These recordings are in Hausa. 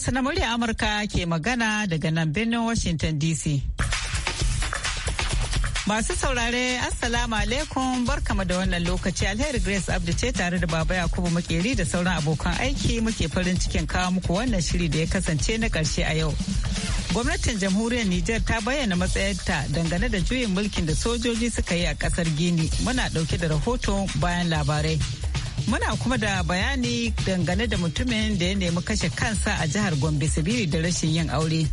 Hausa na murya Amurka ke magana daga nan birnin Washington DC. Masu saurare Assalamu alaikum barkama da wannan lokaci alheri Grace Abdu ce tare da Baba Yakubu Makeri da sauran abokan aiki muke farin cikin kawo muku wannan shiri da ya kasance na karshe a yau. Gwamnatin jamhuriyar Nijar ta bayyana matsayarta dangane da juyin mulkin da sojoji suka yi a kasar Gini muna dauke da rahoton bayan labarai. Muna kuma da bayani dangane da mutumin da ya nemi kashe kansa a jihar Gombe Sabiri da rashin yin aure.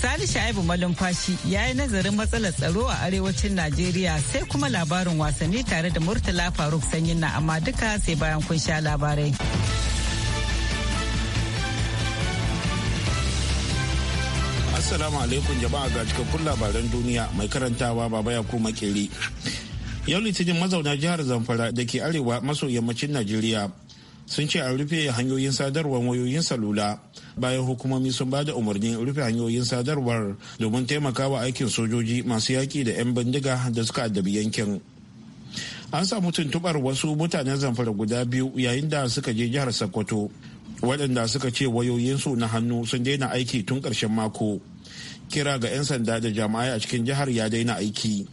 Sani Sha'ibu Malumfashi ya yi nazarin matsalar tsaro a arewacin Najeriya sai kuma labarin wasanni tare da Murtala Faruk Sanyin na amma duka sai bayan kun sha labarai. Assalamu alaikum jama'a ga cikakkun labaran duniya mai karantawa baba ya kuma yau litinin mazauna jihar zamfara da ke arewa maso yammacin najeriya sun ce an rufe hanyoyin sadarwar wayoyin salula bayan hukumomi sun ba da umarnin rufe hanyoyin sadarwar domin taimakawa aikin sojoji masu yaƙi da 'yan bindiga da suka addabi yankin an samu tuntubar wasu mutanen zamfara guda biyu yayin da suka je jihar sokoto waɗanda suka ce wayoyinsu na hannu sun daina aiki tun ƙarshen mako kira ga 'yan sanda da jama'ai a cikin jihar ya daina aiki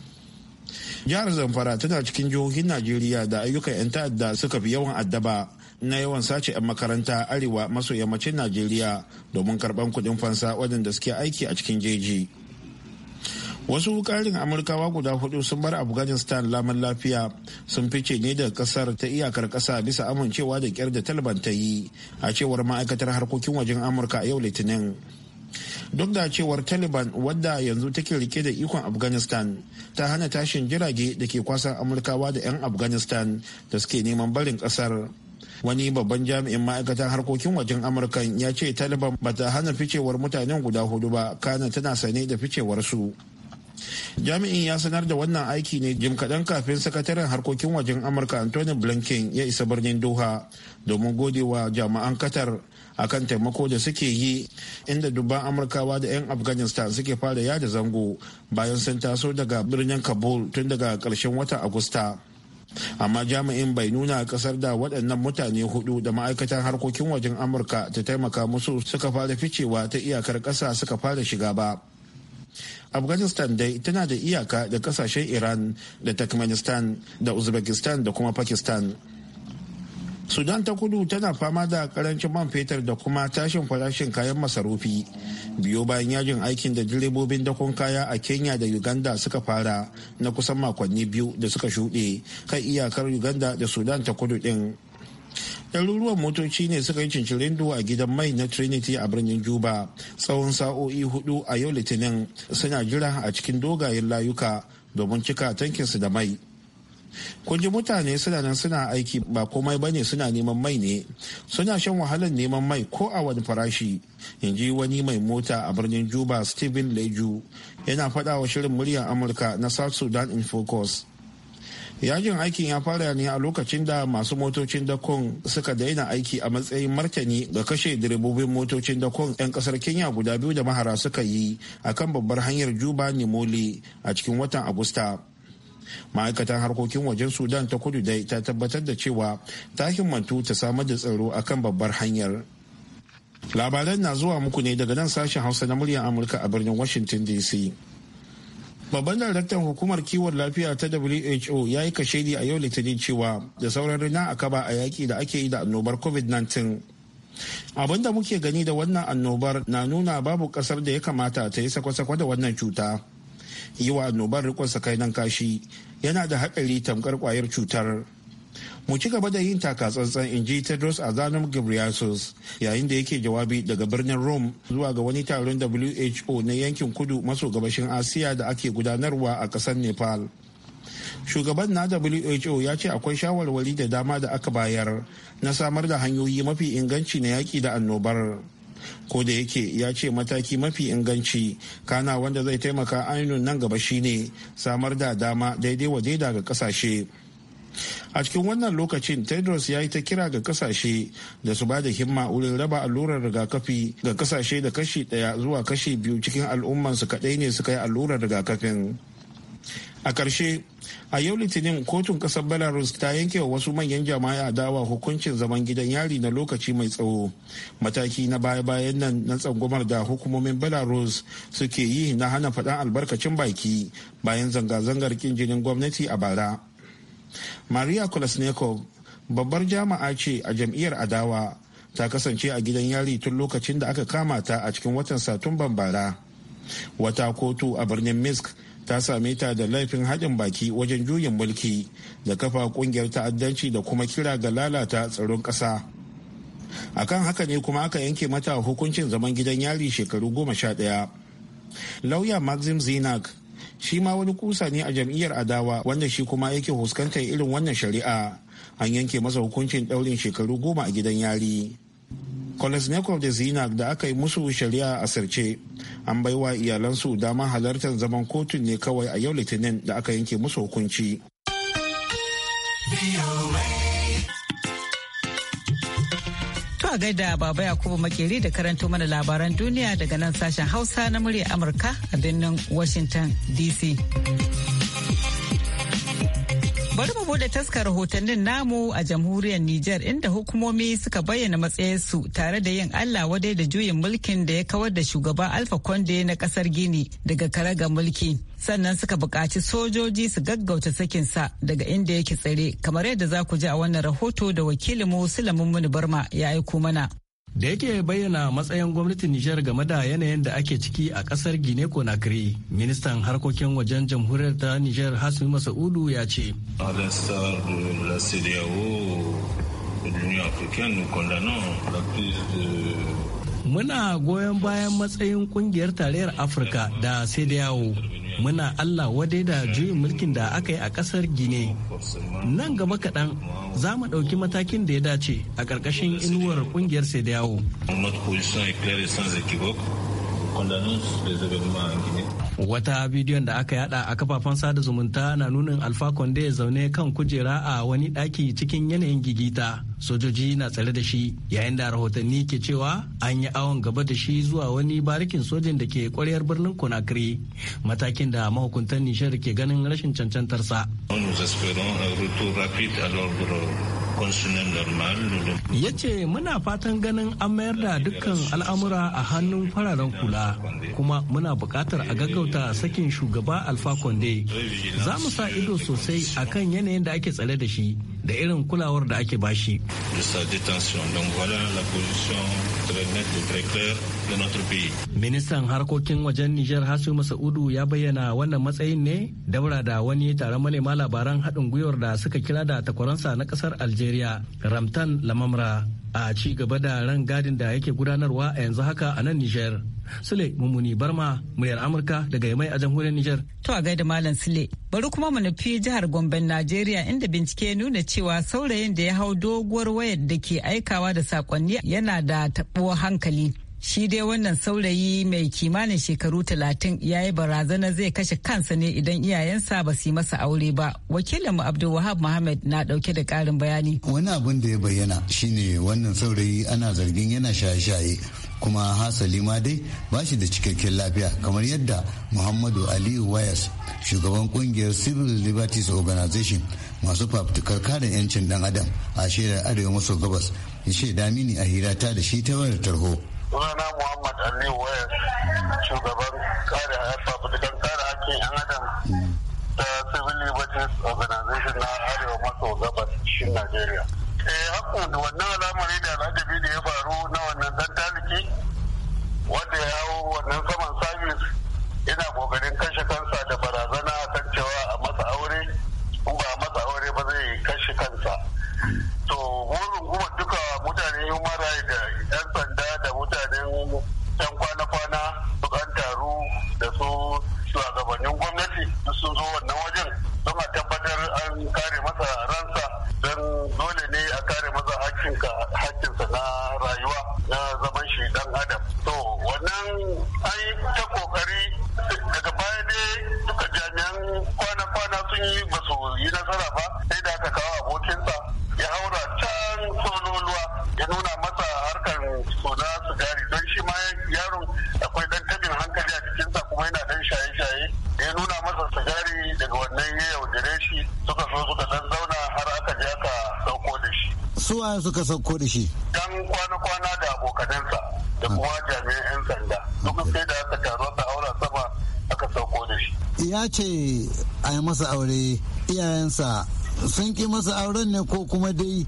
jihar zamfara tana cikin jihohin najeriya da ayyukan 'yan ta'adda suka fi yawan addaba na yawan sace 'yan makaranta arewa maso yammacin najeriya domin karban kudin fansa wadanda suke aiki a cikin jeji wasu karin amurkawa guda hudu sun bar afghanistan laman lafiya sun fice ne daga kasar ta iyakar kasa bisa amincewa da kyar da taliban ta yi a cewar ma'aikatar harkokin wajen amurka a yau litinin duk da cewar taliban wadda yanzu take rike da ikon afghanistan ta hana tashin jirage da ke kwasan amurkawa da 'yan afghanistan da suke neman barin kasar wani babban jami'in ma'aikatar harkokin wajen amurkan ya ce taliban ba ta hana ficewar mutanen guda hudu ba kana tana sane da ficewarsu jami'in ya sanar da wannan aiki ne jim kaɗan kafin sakataren harkokin wajen amurka anthony blinken ya isa birnin doha domin godewa jami'an qatar a kan taimako da suke yi inda dubban amurkawa da 'yan afghanistan suke fara yada zango bayan sun taso daga birnin kabul tun daga ƙarshen watan agusta amma jami'in bai nuna kasar da waɗannan mutane hudu da ma'aikatan harkokin wajen amurka ta taimaka musu suka fara ficewa ta iyakar ƙasa suka fara shiga ba afghanistan dai tana da iyaka da ƙasashen iran da turkmenistan da uzbekistan da kuma pakistan sudan ta kudu tana fama da karancin man fetur da kuma tashin farashin kayan masarufi biyo bayan yajin aikin da direbobin dakon kaya a kenya da uganda suka fara na kusan makonni biyu da suka shuɗe kai iyakar uganda da sudan ta kudu ɗin ɗaruruwan motoci ne suka yi cincirin a gidan mai na trinity a birnin juba tsawon sa'o'i hudu a yau litinin suna jira a cikin dogayen layuka domin cika tankinsu da mai kun ji mutane suna nan suna aiki ba komai ba ne suna neman mai ne suna shan wahalar neman mai ko a wani farashi in ji wani mai mota a birnin juba steven leju yana faɗa wa shirin muryar amurka na south sudan in focus yajin aikin ya fara ne a lokacin da masu motocin dakon suka daina aiki a matsayin martani ga kashe direbobin motocin dakon 'yan kasar kenya guda biyu da mahara suka yi a kan babbar hanyar juba nimoli a cikin watan agusta ma'aikatan harkokin wajen sudan ta kudu dai ta tabbatar da cewa ta himmatu ta samar da tsaro akan babbar hanyar labaran na zuwa muku ne daga nan sashen hausa na muryar amurka a birnin washington dc babban daraktan hukumar kiwon lafiya ta who ya yi kashedi a yau litinin cewa da sauran rina a kaba a yaki da ake yi da annobar covid-19 abinda muke gani da wannan annobar na nuna babu kasar da ya kamata ta yi sakwasakwa da wannan cuta yi wa annobar rikon sakainan kashi yana da haɗari tamkar kwayar cutar mu ci gaba da yin takatsantsan in ji tedros adhanom ghebreyesus yayin da yake jawabi daga birnin rome zuwa ga wani taron who na yankin kudu maso gabashin asiya da ake gudanarwa a ƙasar nepal shugaban na who ya ce akwai shawarwari da dama da aka bayar na samar da hanyoyi mafi inganci na yaƙi da annobar ko da yake ya ce mataki mafi inganci kana wanda zai taimaka ainihin nan gaba shine samar da dama daidai wa daida ga kasashe a cikin wannan lokacin tedros ya yi ta kira ga kasashe da su ba da himma wurin raba allurar rigakafi ga kasashe da kashi daya zuwa kashi biyu cikin al'ummansu kadai ne suka yi allurar rigakafin a ƙarshe a yau litinin kotun ƙasar belarus ta yanke wa wasu manyan jama'a dawa hukuncin zaman gidan yari na lokaci mai tsawo mataki na baya-bayan nan na tsangwamar da hukumomin belarus suke yi na hana faɗan albarkacin baki bayan zanga-zangar kin jinin gwamnati a bara maria kolesnikov babbar jama'a ce a jam'iyyar adawa ta kasance a gidan yari tun lokacin da aka kama ta a cikin watan satumban bara wata kotu a birnin minsk ta same ta da laifin haɗin baki wajen juyin mulki da kafa ƙungiyar ta'addanci da kuma kira ga lalata tsaron ƙasa akan haka ne kuma aka yanke mata hukuncin zaman gidan yari shekaru goma sha ɗaya lauya maxim zinak shi ma wani kusa ne a jam'iyyar adawa wanda shi kuma yake huskantar irin wannan shari'a an yanke masa hukuncin ɗaurin shekaru goma a gidan yari kolesnikov da zinak da aka yi musu shari'a a sirce an baiwa iyalansu dama halartar zaman kotun ne kawai a yau litinin da aka yanke musu hukunci a gaida baba yakubu makeri da karanto mana labaran duniya daga nan sashen hausa na murya amurka a birnin washington dc Bari mu bude taskar rahotannin namu a jamhuriyar Nijar inda hukumomi suka bayyana matsayarsu tare da yin Allah wadai da juyin mulkin da ya kawar da shugaba Alfa Conde na kasar Gini daga karaga mulki. Sannan suka buƙaci sojoji su gaggauta sakinsa daga inda yake tsare kamar yadda za ku ji a wannan rahoto da wakilin mu Sulamun Muni Barma ya aiko mana. da yake bayyana matsayin gwamnatin Nijar game da yanayin da ake ciki a kasar Gine Conakry. Ministan harkokin wajen jamhuriyar ta Nijar Hasmi Masaudu ya ce. Muna goyon bayan matsayin kungiyar tarayyar Afirka da sai da yawo muna allah wadai da juyin mulkin da aka yi a kasar gine nan gaba kaɗan za mu ɗauki matakin da ya dace a ƙarƙashin inuwar ƙungiyar sai da yawo wata bidiyon da aka yada a kafafen sada zumunta na nunin alfa konde zaune kan kujera a wani daki cikin yanayin gigita sojoji na tsare da shi yayin da rahotanni ke cewa an yi awon gaba da shi zuwa wani barikin sojin da ke kwaryar birnin conakry matakin da mahukuntan nishar ke ganin rashin cancantarsa. ya ce muna fatan ganin an mayar da dukkan al'amura a hannun fararen kula kuma muna buƙatar a gaggauta sakin shugaba alfa konde za mu sa ido sosai akan yanayin da ake tsare da shi da irin kulawar da ake bashi. Ministan harkokin wajen Nijar Hasu Masa'udu ya bayyana wannan matsayin ne daura da wani taron manema labaran haɗin gwiwar da suka kira da takwaransa na ƙasar Algeria Ramtan Lamamra. a ci gaba da ran gadin da yake gudanarwa a yanzu haka a nan Nijar. Sule Mummuni Barma muryar Amurka daga Yamai a jamhuriyar Nijar. To a gaida Malam Sule. Bari kuma mu nufi jihar Gomben Najeriya inda bincike nuna cewa saurayin da ya hau doguwar wayar da ke aikawa da sakonni yana da taɓuwar hankali. shi dai wannan saurayi mai kimanin shekaru talatin ya yi barazana zai kashe kansa ne idan iyayensa ba su yi masa aure ba wakilin mu abdulwahab muhammad na dauke da karin bayani wani abin da ya bayyana shine wannan saurayi ana zargin yana shaye-shaye kuma hasali ma dai ba shi da cikakken lafiya kamar yadda muhammadu aliyu wayas shugaban kungiyar civil liberties organization masu fafutukar karin 'yancin dan adam a shirar arewa maso gabas ya shaida mini a hira ta da shi ta wayar tarho sunana muhammad Ali waya shugaban kare fafutukan kare hakkin yan adam ta civil liberties organization na arewa maso gabas shi nigeria eh hakan wannan al'amari da al'ajabi da ya faru na wannan dan taliki wanda ya hau wannan saman sabis yana kokarin kashe kansa da barazana kan cewa a masa aure in ba a masa aure ba zai kashe kansa to mun rungumar duka mutane human rights da yan kuka sauko da shi dan kwana-kwana da abokanansa da kuma ah. jami'an 'yan sanda duk sai da aka taro ta aura sama aka sauko da shi ya ce a yi masa aure iyayensa sun ki masa auren ne ko kuma dai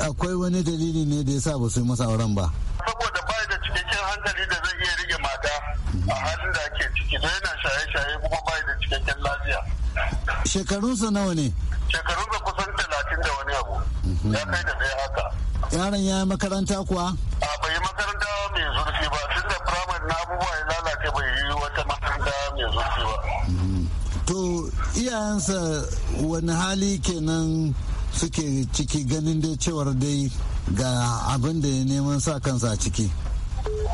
akwai wani dalili ne da ya sa ba su yi masa auren ba saboda ba da cikakken hankali da zai iya rike mata a mm-hmm. halin da ake ciki da yana shaye-shaye kuma ba da cikakken lafiya shekarunsa nawa ne shekarunsa kusan talatin da wani abu ya mm-hmm. kai da zai haka yaron ya yi makaranta kuwa a bai yi makaranta mai zurfi ba tun da firamare na abubuwa ya lalace bai yi wata makaranta mai zurfi ba to iyayensa wani hali kenan suke ciki ganin dai cewar dai ga abin da ya neman sa kansa ciki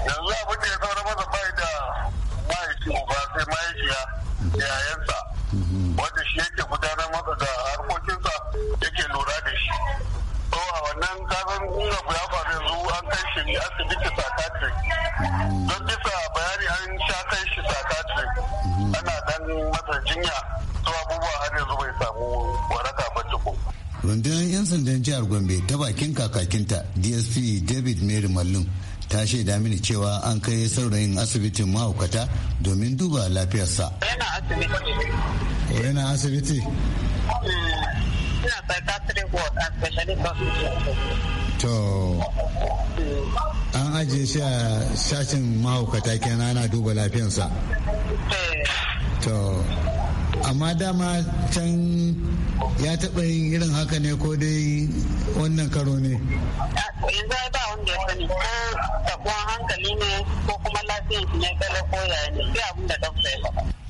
yanzu abin da ya saura masa bai da mahaifi ba sai mahaifiya yayansa mhm. wanda shi yake don bisa bayani an sha kai shi sakatri ana dan masa jinya to abubuwa har yanzu bai samu waraka ba tukun rundunar 'yan sandan jihar gombe ta bakin kakakinta dsp david mary mallum ta shaida mini cewa an kai saurayin asibitin mahaukata domin duba lafiyarsa yana asibiti yana asibiti eh, psychiatric ward and specialist hospital to an ajiye shi a sashin mahaukata kenan ana duba lafiyansa to amma dama can ya taɓa yin irin haka ne ko dai wannan karo ne yanzu ba wanda ya sani ko tabuwan hankali ne ko kuma lafiyar ne kala ko yaya ne sai abin da ɗan sai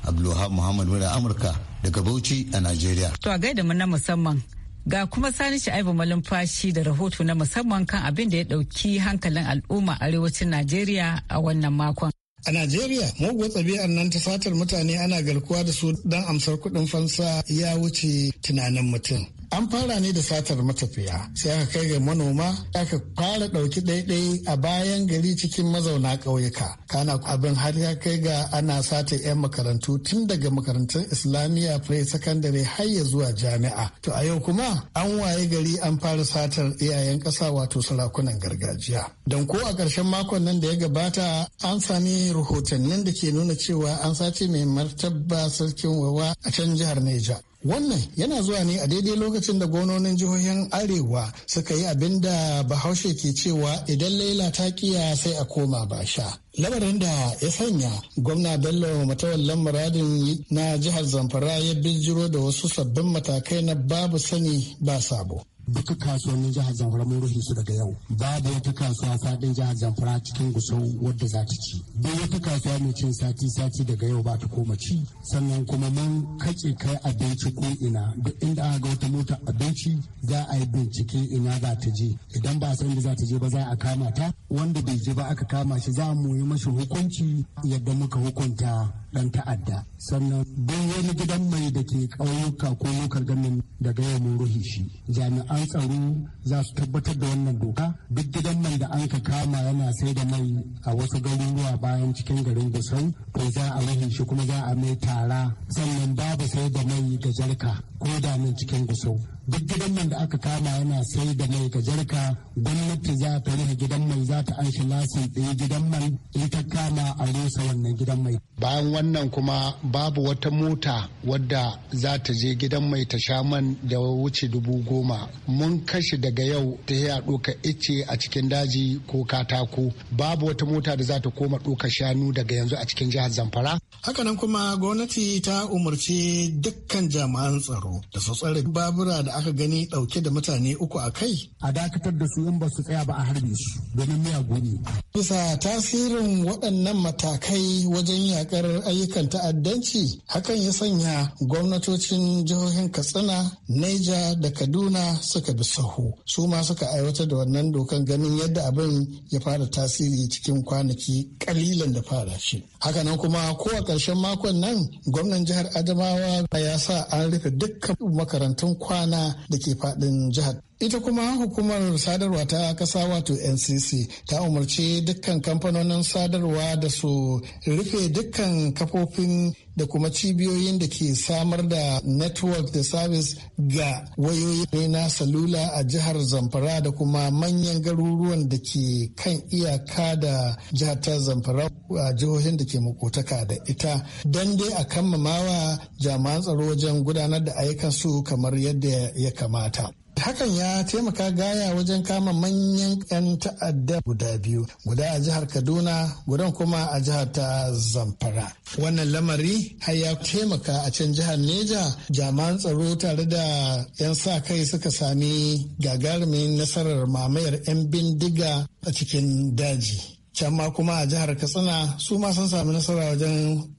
Abdulwahab Muhammad Mura Amurka daga Bauchi a Najeriya. To a gaida mu na musamman Ga kuma sani sha'ibu malumfashi da rahoto na musamman kan abin da ya ɗauki hankalin al'umma arewacin Najeriya a wannan makon. A Najeriya, muguwar tsabi'ar nan ta satar mutane ana garkuwa da su don amsar kuɗin fansa ya wuce tunanin mutum. an fara ne da satar matafiya sai aka kai ga manoma aka fara ɗauki ɗaiɗai a bayan gari cikin mazauna ƙauyuka kana abin har ya kai ga ana sata 'yan makarantu tun daga makarantun islamiyya pre sakandare har ya zuwa jami'a to a yau kuma an waye gari an fara satar iyayen ƙasa wato sarakunan gargajiya don ko a ƙarshen makon nan da ya gabata an sami rahotannin da ke nuna cewa an sace mai martaba sarkin wawa a can jihar Neja. Wannan yana zuwa ne a daidai lokacin da gwamnonin jihohin Arewa suka yi abin da Bahaushe ke cewa idan Laila ta kiya sai a koma ba sha. Lamarin da ya sanya gwamna Bello Matawallan Muradin na jihar Zamfara ya bijiro da wasu sabbin matakai na babu sani ba sabo. duka kasuwannin jihar zamfara mun rufe su daga yau babu wata kasuwa fadin jihar zamfara cikin gusau wadda za ta ci duk wata kasuwa mai cin sati sati daga yau ba ta koma ci sannan kuma mun kace kai abinci ko ina duk inda aka ga wata mota abinci za a yi bincike ina za ta je idan ba san inda za ta je ba za a kama ta wanda bai ji ba aka kama shi za mu yi mashi hukunci yadda muka hukunta dan ta'adda sannan bai wani gidan mai da ke ƙauyuka ko lokar ganin daga yau mun ruhi shi jami'an tsaro za su tabbatar da wannan doka duk gidan mai da an ka kama yana sai da mai a wasu garuruwa bayan cikin garin gusau to za a ruhi shi kuma za a mai tara sannan babu sai da mai ga jarka ko da nan cikin gusau duk gidan man da aka kama yana sai da mai ga jarka gwamnati za ta rufe gidan mai za ta anshi lasin ɗaya gidan man in ta kama a rusa wannan gidan mai. bayan wannan kuma babu wata mota wadda za ta je gidan mai ta sha man da wuce dubu goma mun kashe daga yau ta yi a ɗoka ice a cikin daji ko katako babu wata mota da za ta koma ɗoka shanu daga yanzu a cikin jihar zamfara. hakanan kuma gwamnati ta umarci dukkan jami'an tsaro da su tsare babura da aka gani dauke da mutane uku a kai a dakatar da su in ba su tsaya ba a harbe su domin miya gobe. bisa tasirin waɗannan matakai wajen yakar ayyukan ta'addanci hakan ya sanya gwamnatocin jihohin katsina neja da kaduna suka bi sahu su ma suka aiwatar da wannan dokan ganin yadda abin ya fara tasiri cikin kwanaki kalilan da fara shi hakanan kuma ko a ƙarshen makon nan gwamnan jihar adamawa ya sa an rufe dukkan makarantun kwana da ke faɗin jihar ita kuma hukumar sadarwa ta kasa wato ncc ta umarci dukkan kamfanonin sadarwa da su rufe dukkan kafofin da kuma cibiyoyin da ke samar da network da service ga wayoyi na salula a jihar zamfara da kuma manyan garuruwan da ke kan iyaka da jihar ta zamfara a jihohin da ke makotaka da ita don dai a kammamawa jami'an tsaro wajen gudanar da ayyukan su kamar yadda ya kamata Hakan ya taimaka gaya wajen kama manyan 'yan ta'adda guda biyu, guda a jihar Kaduna, gudan kuma a jihar ta Zamfara. Wannan lamari har ya taimaka a can jihar Neja, Jama'an tsaro tare da 'yan sa kai suka sami gagarumin nasarar mamayar 'yan bindiga a cikin daji. can ma kuma a jihar katsina su ma sun sami nasara wajen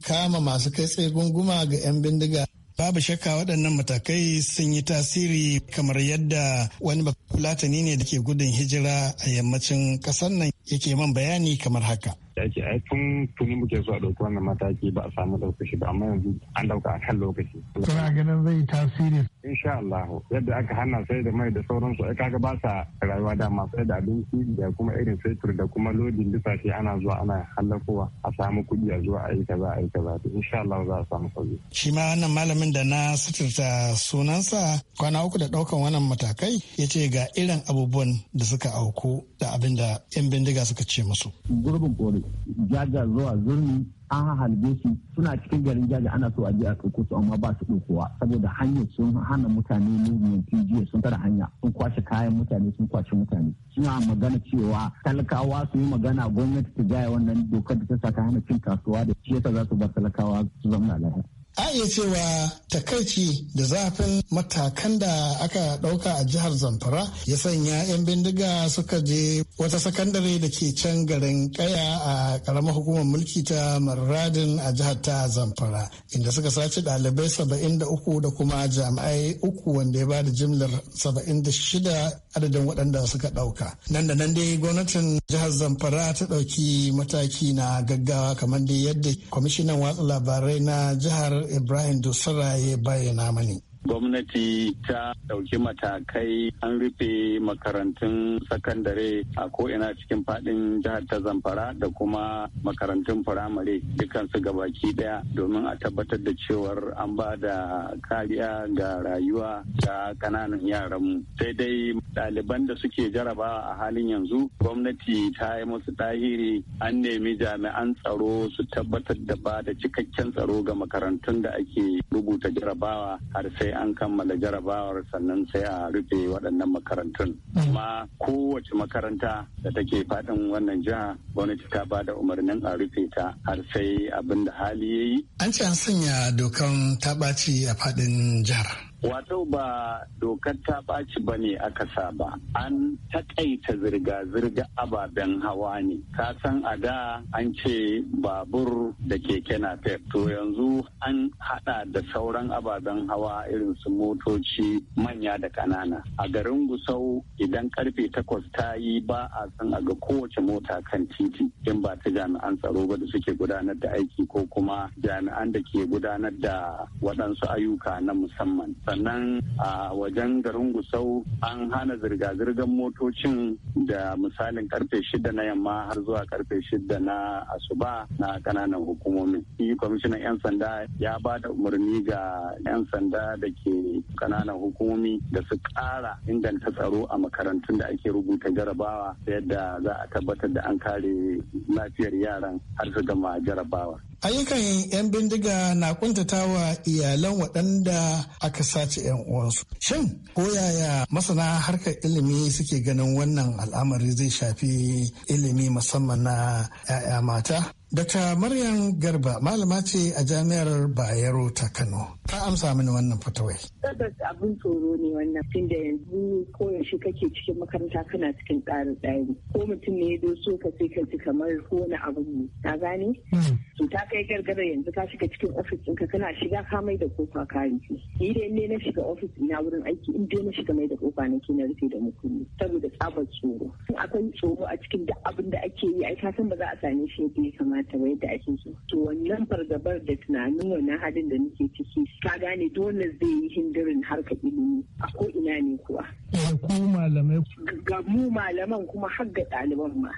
kama masu kai tsaye gunguma ga 'yan bindiga Babu shakka waɗannan matakai sun yi tasiri kamar yadda wani bafulatani ne da ke gudun hijira a yammacin ƙasar nan yake man bayani kamar haka. da ake ai tun tuni muke so a ɗauki wannan mataki ba a samu ɗauka ba amma yanzu an ɗauka a kan lokaci. Kuna ganin zai tasiri. Insha Allah yadda aka hana sai da mai da su ai kaga ba sa rayuwa da masu da abinci da kuma irin fetur da kuma lodin lissafi ana zuwa ana hallakowa a samu kuɗi a zuwa a yi kaza a yi kaza to insha Allah za a samu sauki. Shi ma wannan malamin da na suturta sunansa kwana uku da ɗaukan wannan matakai ya ce ga irin abubuwan da suka auku da abinda da 'yan bindiga suka ce musu. Gurbin kori jaja zuwa zurmi an halbe su suna cikin garin jaja ana so a je a ɗauko su amma ba su ɗaukowa saboda hanyar sun hana mutane movement jiya sun tara hanya sun kwashe kayan mutane sun kwashe mutane suna magana cewa talakawa su yi magana gwamnati ta jaya wannan dokar da ta saka hana cin kasuwa da shi yasa za su bar talakawa su zama lafiya a iya cewa takaici da zafin matakan da aka ɗauka a jihar zamfara ya sanya 'yan bindiga suka je wata sakandare da ke can garin kaya a karamar hukumar mulki ta maradin a jihar ta zamfara inda suka sace ɗalibai 73 da kuma jami'ai uku wanda ya bada jimlar shida adadin waɗanda suka ɗauka nan da nan dai gwamnatin jihar zamfara ta ɗauki mataki na gaggawa kamar da yadda kwamishinan watsa labarai na jihar Ibrahim Dusara ya bayyana mani. gwamnati ta ɗauki matakai an rufe makarantun sakandare a ko'ina cikin faɗin jihar ta zamfara da kuma makarantun firamare dukansu gabaki ɗaya domin a tabbatar da cewar an ba da kariya ga rayuwa ga ƙananan yaranmu sai dai ɗaliban da suke jarabawa a halin yanzu gwamnati ta yi musu tahiri an nemi jami'an tsaro su tabbatar da ba da cikakken tsaro ga makarantun da ake rubuta jarabawa har sai an kammala jarabawar sannan sai a rufe waɗannan makarantun kuma kowace makaranta da take faɗin wannan jiha gwamnati ta ba da umarnin a rufe ta har sai abin da hali ya yi an ce an sanya dokan ta ɓaci a faɗin jihar wato ba dokar ta ɓaci ba ne aka sa ba an taƙaita zirga-zirga ababen hawa ne ka san a da an ce babur da keke na to yanzu an haɗa da sauran ababen hawa irin su motoci manya da ƙanana a garin gusau idan karfe takwas ta yi ba a san a ga kowace mota kan titi in ba ta jami'an tsaro ba da suke gudanar da aiki ko kuma jami'an da ke gudanar da waɗansu ayyuka na musamman sannan a wajen garin gusau an hana zirga-zirgar motocin da misalin karfe shida na yamma har zuwa karfe shida na asuba na kananan hukumomi. shi kwamishinan 'yan sanda ya ba da umarni ga 'yan sanda da ke kananan hukumomi da su ƙara inganta tsaro a makarantun da ake rubuta jarabawa yadda za a tabbatar da an kare lafiyar yaran har su gama jarabawa ayyukan 'yan bindiga na kuntatawa iyalan waɗanda aka sace 'yan uwansu shin ko yaya masana harkar ilimi suke ganin wannan al'amari zai shafi ilimi musamman na 'ya'ya mata Dr. Maryam Garba malama ce a jami'ar Bayero ta Kano. Ta amsa mini wannan fatawai. Tabbas abin tsoro ne wannan tun da yanzu koyaushe kake cikin makaranta kana cikin tsarin ɗari. Ko mutum ne ya zo so ka sai ka ji kamar ko wani abu ne. Na gane? Hmm. To ta kai gargara yanzu ka shiga cikin ofis ɗinka kana shiga ka mai da kofa ka rufe. Ni da ne na shiga ofis ina wurin aiki in dai na shiga mai da kofa nake na rufe da mutum. saboda tsabar tsoro. Akwai tsoro a cikin duk abin da ake yi ai ka san ba za a same shi yadda ya kamata. kamar yadda ake so to wannan fargabar da tunanin wannan halin da nake ciki ka gane dole zai yi hindirin harka ilimi a ko ina ne kuwa eh, ku ga mu malaman kuma har ga ɗaliban ma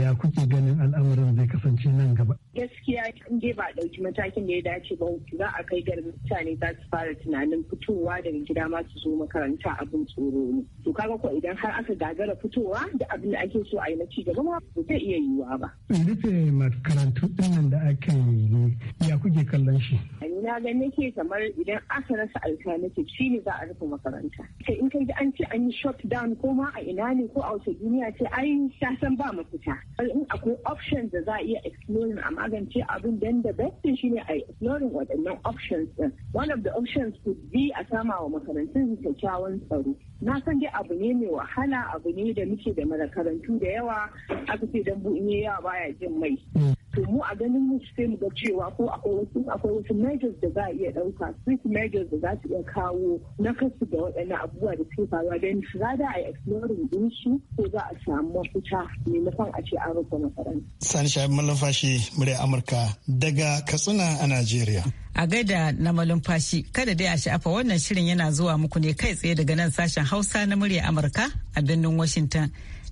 ya kuke ganin al'amarin zai kasance nan gaba gaskiya in dai ba ɗauki matakin da ya dace ba za a kai garin mutane za su fara tunanin fitowa daga gida ma su zo makaranta abin tsoro ne to kaga ko idan har aka gagara fitowa da abin da ake so a yi na ci gaba ma ba zai iya yiwuwa ba. rufe makarantu ɗinnan da aka yi ne, ya kuke kallon shi. na ga nake kamar idan aka rasa alternative shi ne za a rufe makaranta sai in kai an ce an yi shut down ko ma a ina ne ko a wace duniya ce ai ta san ba mafita in akwai options da za a iya exploring amma magance abin da da best shine a exploring waɗannan options din one of the options could be a sama wa makarantun kyakkyawan tsaro na san dai abu ne mai wahala abu ne da muke da makarantu da yawa aka ce dan buɗe yawa baya jin mai mm. to mu a ganin mu sai mu ga cewa ko akwai wasu akwai measures da za a iya ɗauka quick measures da za su iya kawo na kasu da waɗannan abubuwa da suke faruwa don da a exploring din su ko za a samu mafita maimakon a ce an rufe makaranta. Sani Shahab Malumfashi murya Amurka daga Katsina a Najeriya. A gaida na malumfashi kada dai a sha'afa wannan shirin yana zuwa muku ne kai tsaye daga nan sashen Hausa na murya Amurka a birnin Washington.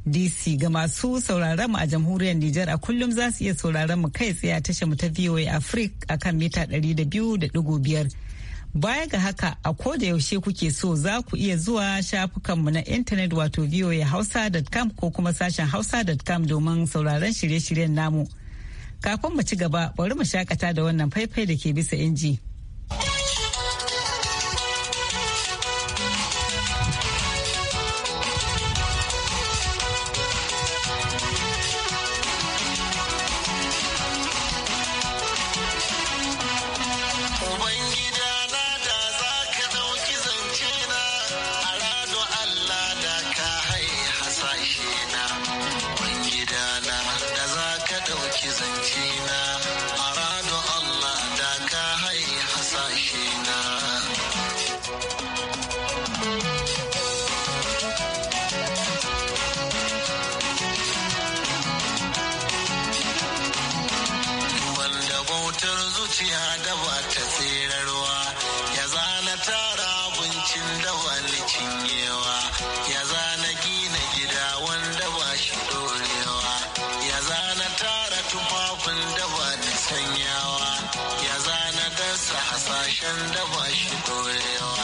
DC ga masu sauraron mu a jamhuriyar Nijar a kullum za su iya sauraron mu kai tsaye a tashar mu ta VOA Africa akan mita 200.5. Baya ga haka a koda yaushe kuke so za ku iya zuwa shafukanmu na intanet wato voahausa.com ko kuma sashen hausa.com domin sauraron shirye-shiryen namu. Kafin mu ci gaba bari mu shakata da wannan faifai da ke bisa inji. kashen da ba shi dorewa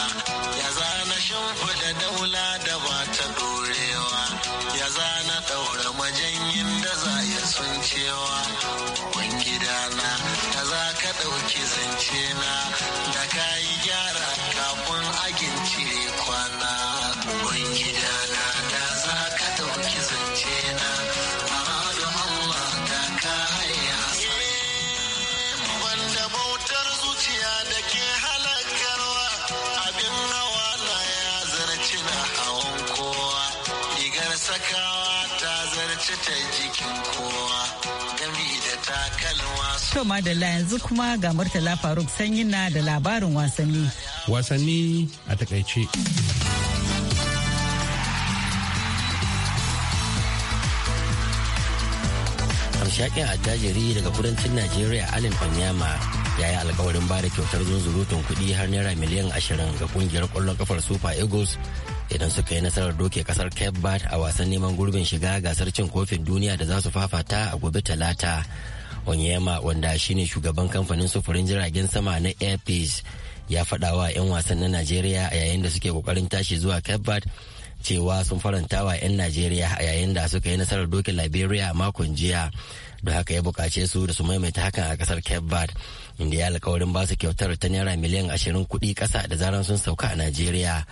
mace ta da yanzu kuma ga Murtala Faruk Sanyi na da labarin wasanni. Wasanni a takaice. hamshakin attajiri daga kudancin najeriya alin fanyama ya yi alkawarin ba da kyautar zunzurutun kuɗi har naira miliyan ashirin ga kungiyar kwallon kafar super eagles idan suka yi nasarar doke kasar cape verde a wasan neman gurbin shiga gasar cin kofin duniya da za su fafata a gobe talata onyema wanda shine shugaban kamfanin sufurin jiragen sama na airpeace ya faɗawa 'yan wasan na najeriya a yayin da suke ƙoƙarin tashi zuwa cape verde cewa sun faranta wa 'yan najeriya a yayin da suka yi nasarar dokin liberia a makon jiya da haka ya bukace su da su maimaita hakan a kasar cape verde inda ya alkawarin ba su kyautar ta naira miliyan ashirin kudi kasa da zaran sun sauka a najeriya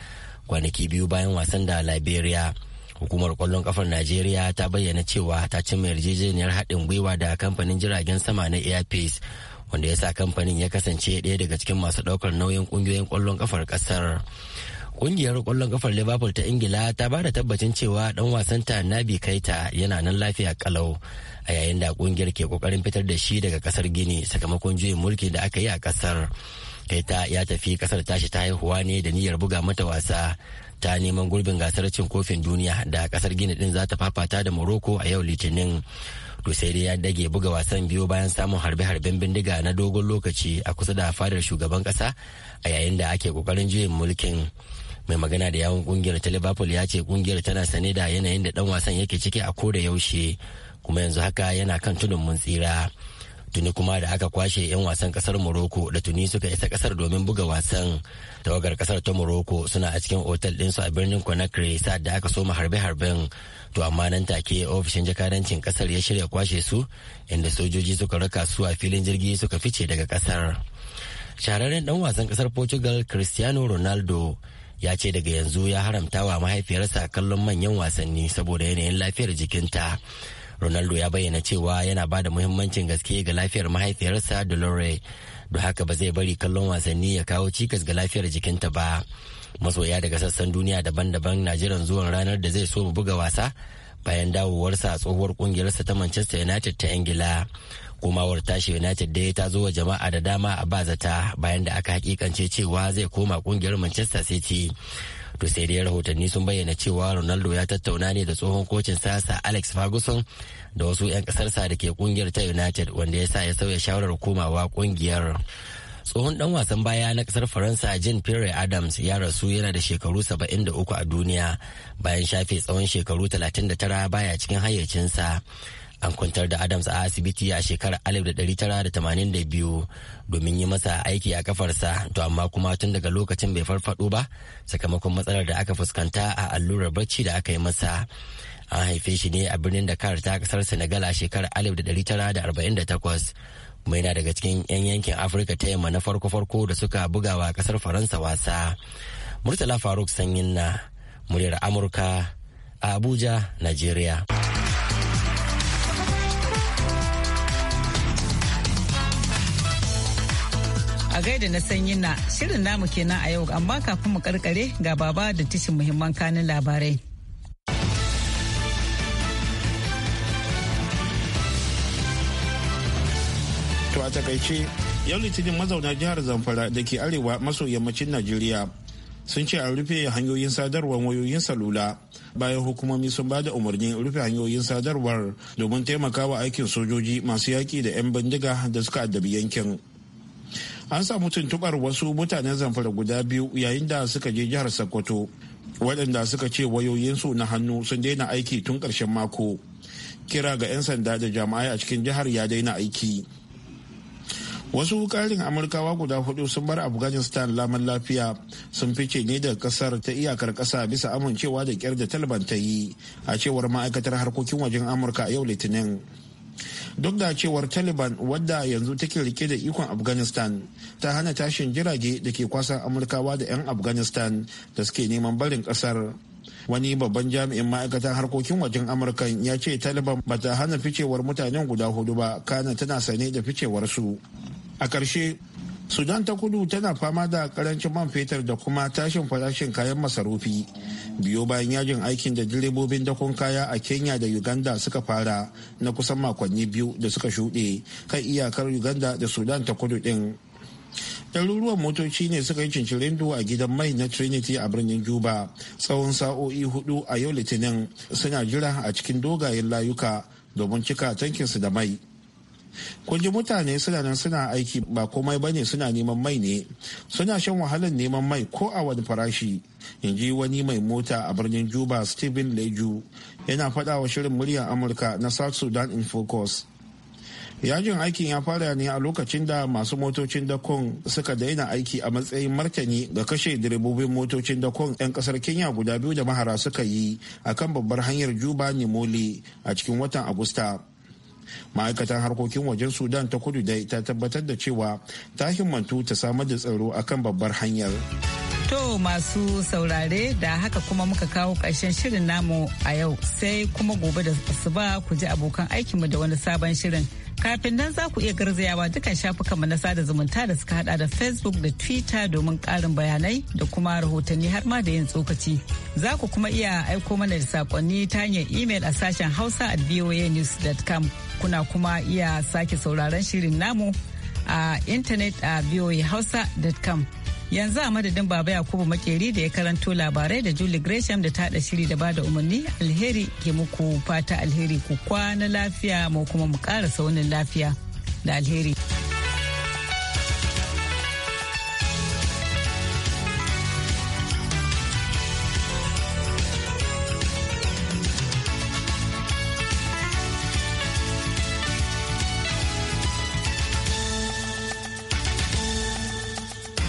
kwanaki biyu bayan wasan da liberia hukumar kwallon kafar najeriya ta bayyana cewa ta cimma yarjejeniyar haɗin gwiwa da kamfanin jiragen sama na airpeace wanda ya sa kamfanin ya kasance ɗaya daga cikin masu ɗaukar nauyin ƙungiyoyin kwallon kafar ƙasar Kungiyar kwallon kafar Liverpool ta Ingila ta ba da tabbacin cewa dan wasan ta Nabi Kaita yana nan lafiya kalau a yayin da kungiyar ke kokarin fitar da shi daga kasar Gini sakamakon juyin mulki da aka yi a kasar. Kaita ya tafi kasar tashi ta haihuwa ne da niyyar buga mata wasa ta neman gurbin gasar cin kofin duniya da kasar gini din za ta fafata da morocco a yau litinin to sai dai ya dage buga wasan biyu bayan samun harbe-harben bindiga na dogon lokaci a kusa da fadar shugaban kasa a yayin da ake kokarin juyin mulkin mai magana da yawon kungiyar ta liverpool ya ce kungiyar tana sane da yanayin da dan wasan yake ciki a koda yaushe kuma yanzu haka yana kan tudun mun tsira tuni kuma da aka kwashe 'yan wasan kasar morocco da tuni suka isa kasar domin buga wasan tawagar kasar ta morocco suna a cikin otal su a birnin conakry sa'ad da aka soma harbe-harben to amma nan take ofishin jakadancin kasar ya shirya kwashe su inda sojoji suka raka su a filin jirgi suka fice daga kasar shahararren dan wasan kasar portugal cristiano ronaldo ya ce daga yanzu ya haramta wa mahaifiyarsa kallon manyan wasanni saboda yanayin lafiyar jikinta ronaldo ya bayyana cewa yana ba da muhimmancin gaske ga lafiyar mahaifiyarsa dolore don haka ba zai bari kallon wasanni ya kawo cikas ga lafiyar jikinta ba masoya daga sassan duniya daban-daban na jiran zuwan ranar da zai so mu buga wasa bayan dawowarsa a tsohuwar kungiyarsa ta manchester united ta ingila komawar tashi united dai ta zo wa jama'a da dama a ba-zata bayan da aka hakikance cewa zai koma kungiyar manchester city to sai dai rahotanni sun bayyana cewa ronaldo ya tattauna ne da tsohon kocin sasa alex ferguson da wasu 'yan kasarsa da ke kungiyar ta united wanda ya sa ya sauya shawarar komawa kungiyar tsohon dan wasan baya na kasar faransa jean pierre adams ya rasu yana da shekaru 73 a duniya bayan shafe tsawon shekaru 39 baya cikin hayyacinsa an kwantar da adams a asibiti a shekarar 1982 domin yi masa aiki a kafarsa to amma kuma tun daga lokacin bai farfado ba sakamakon matsalar da aka fuskanta a allurar barci da aka yi masa an haife shi ne a birnin dakar ta kasar senegal a shekarar 1948 mai na daga cikin 'yan yankin afirka ta yamma na farko-farko da suka bugawa kasar faransa wasa murtala faruk sanyin na muryar amurka a abuja nigeria a gaida na sanyi na shirin namu kenan a yau amma kafin mu karkare ga baba da tishin muhimman kanin labarai. To a takaice yau litinin mazauna jihar Zamfara da ke arewa maso yammacin Najeriya sun ce an rufe hanyoyin sadarwar wayoyin salula bayan hukumomi sun ba da umarnin rufe hanyoyin sadarwar domin taimakawa aikin sojoji masu yaƙi da 'yan bindiga da suka addabi yankin. an samu tuntubar wasu mutanen zamfara guda biyu yayin da suka je jihar sokoto waɗanda suka ce wayoyinsu na hannu sun daina aiki tun ƙarshen mako kira ga 'yan sanda da jama'ai a cikin jihar ya daina aiki wasu ƙarin amurkawa guda hudu sun bar afghanistan laman lafiya sun fice ne da kasar ta iyakar ƙasa bisa amincewa da kyar da taliban ta yi a cewar ma'aikatar harkokin wajen amurka a yau litinin duk da cewar taliban wadda yanzu take rike da ikon afghanistan ta hana tashin jirage da ke kwasan amurkawa da 'yan afghanistan da suke neman barin kasar wani babban jami'in ma'aikatan harkokin wajen amurkan ya ce taliban ba ta hana ficewar mutanen guda hudu ba kana tana sane da ficewar su. a ƙarshe sudan ta kudu tana fama da karancin man fetur da kuma tashin farashin kayan masarufi biyo bayan yajin aikin da direbobin dakon kaya a kenya da uganda suka fara na kusan makonni biyu da suka shuɗe kan iyakar uganda da sudan ta kudu ɗin ɗaruruwan motoci ne suka yi cincirindu a gidan mai na trinity a birnin juba tsawon sa'o'i hudu a yau litinin suna jira a cikin dogayen layuka domin cika tankinsu da mai kun ji mutane suna nan suna aiki ba komai bane suna neman mai ne suna shan wahalar neman mai ko a wani farashi in ji wani mai mota a birnin juba stephen leju yana faɗa wa shirin muryar amurka na south sudan in focus yajin aikin ya fara ne a lokacin da masu motocin dakon suka daina aiki a matsayin martani ga kashe direbobin motocin dakon 'yan kasar kenya guda biyu da mahara suka yi akan babbar hanyar juba nimoli a cikin watan agusta ma'aikatan harkokin wajen sudan ta kudu dai ta tabbatar da cewa ta himmantu ta samar da tsaro akan babbar hanyar To masu saurare da haka kuma muka kawo ƙarshen shirin namu a yau sai kuma gobe da asuba ku ji abokan aikinmu da wani sabon shirin. Kafin nan za ku iya garzayawa dukkan shafukanmu na sada zumunta da suka hada da Facebook da Twitter domin karin bayanai da kuma rahotanni har ma da yin tsokaci. Za ku kuma iya aiko mana da saƙonni ta hanyar email a sashen Hausa at voanews.com. Kuna kuma iya sake sauraron shirin namu a intanet a voahausa.com. yanzu a madadin baba yakubu makeri da ya karanto labarai da julie gresham da ta da shiri da bada umarni alheri ke muku fata alheri ku kwana lafiya mu kuma mu ƙara tsaunin lafiya da alheri